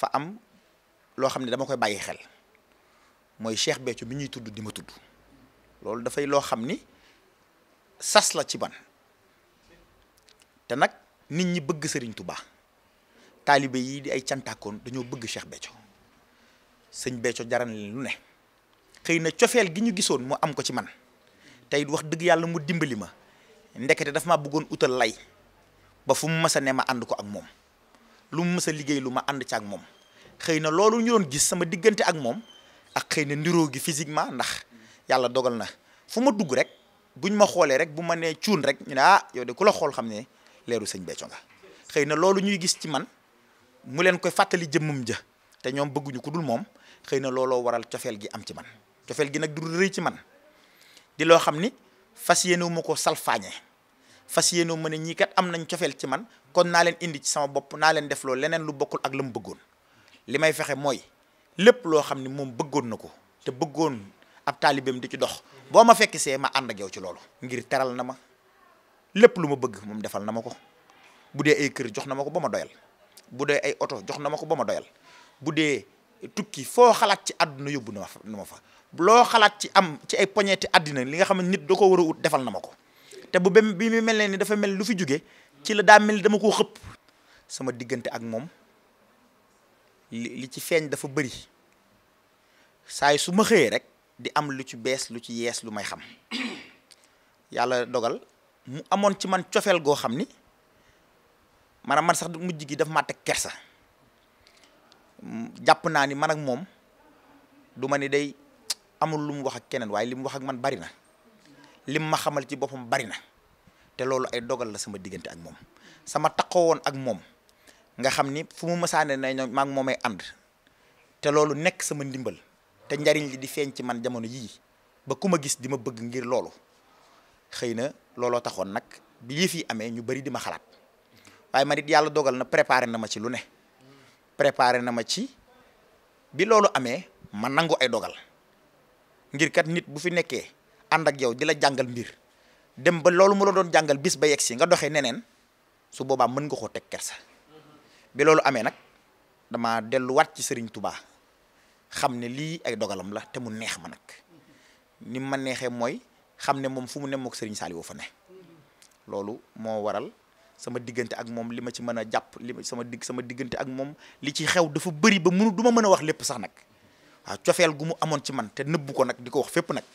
fa am loo xam ne dama koy bàyyi xel mooy Cheikh Béthio bi ñuy tudd di ma tudd loolu dafay loo xam ni sas la ci ban te nag nit ñi bëgg Serigne Touba taalibe yi di ay cantaakoon dañoo bëgg Cheikh Béthio sëñ Béthio jaran leen lu ne xëy na cofeel gi ñu gisoon mu am ko ci man tey wax dëgg yàlla mu dimbali ma ndekete dafa ma bëggoon utal lay ba fu mu mës a ne ma ànd ko ak moom lu mu mës a liggéey lu ma ànd ci ak moom xëy na loolu ñu doon gis sama diggante ak moom ak xëy na niroo gi physiquement ndax yàlla dogal na fu ma dugg rek buñ ma xoolee rek bu ma nee cuun rek ñu ne ah yow de ku la xool xam ne leeru sëñ Béthio nga xëy na loolu ñuy gis ci man mu leen koy fàttali jëmmam ja te ñoom bëgguñu ku dul moom xëy na looloo waral cofeel gi am ci man cofeel gi nag du rëy ci man di loo xam ni fas yéenewu ma ko salfaañe fas yéenewu ma ne ñii kat am nañ cofeel ci man kon naa leen indi ci sama bopp naa leen def loolu leneen lu bokkul ak la mu bëggoon li may fexe mooy lépp loo xam ne moom bëggoon na ko te bëggoon ab taalibeem di ci dox boo ma fekk see ma ànd ak yow ci loolu ngir teral na ma lépp lu ma bëgg moom defal na ma ko bu dee ay kër jox na ma ko ba ma doyal bu dee ay oto jox na ma ko ba ma doyal bu dee tukki foo xalaat ci àdduna yóbbu na ma fa na ma fa loo xalaat ci am ci ay poñetti àddina li nga xam nit da ko war a ut defal na ma ko te bu bem bi mu mel ne ni dafa mel lu fi jóge ci la daa mel dama koo xëpp sama diggante ak moom li ci feeñ dafa bari saay su ma xëyee rek di am lu ci bees lu ci yees lu may xam yàlla dogal mu amoon ci man cofeel goo xam ni maanaam man sax mujj gi dafa ma teg kersa jàpp naa ni man ak moom du ma ni day amul lu mu wax ak keneen waaye li mu wax ak man bari na lim ma xamal ci boppam bari na te loolu ay dogal la sama diggante ak moom sama takkoo woon ak moom nga xam ni fu mu mësaane ne ñoom maa ngi moomay ànd te loolu nekk sama ndimbal te njariñ li di feeñ ci man jamono yii ba ku ma gis di ma bëgg ngir loolu xëy na looloo taxoon nag bi lii fi amee ñu bari di ma xalaat waaye man it yàlla dogal na préparé na ma ci lu ne préparé na ma ci bi loolu amee ma nangu ay dogal ngir kat nit bu fi nekkee ànd ak yow di la jàngal mbir dem ba loolu mu la doon jàngal bis ba yegg si nga doxee neneen su boobaa mën nga koo teg kersa. bi loolu amee nag dama delluwaat ci sëriñ tubaa xam ne lii ay dogalam la te mu neex ma nag ni ma neexee mooy xam ne moom fu mu ne mook Serigne fa ne loolu moo waral sama diggante ak moom li ma ci mën a jàpp li sama sama diggante ak moom li ci xew dafa bari ba mënu du ma mën a wax lépp sax nag waaw cofeel gu mu amoon ci man te nëbbu ko nag di ko wax fépp nag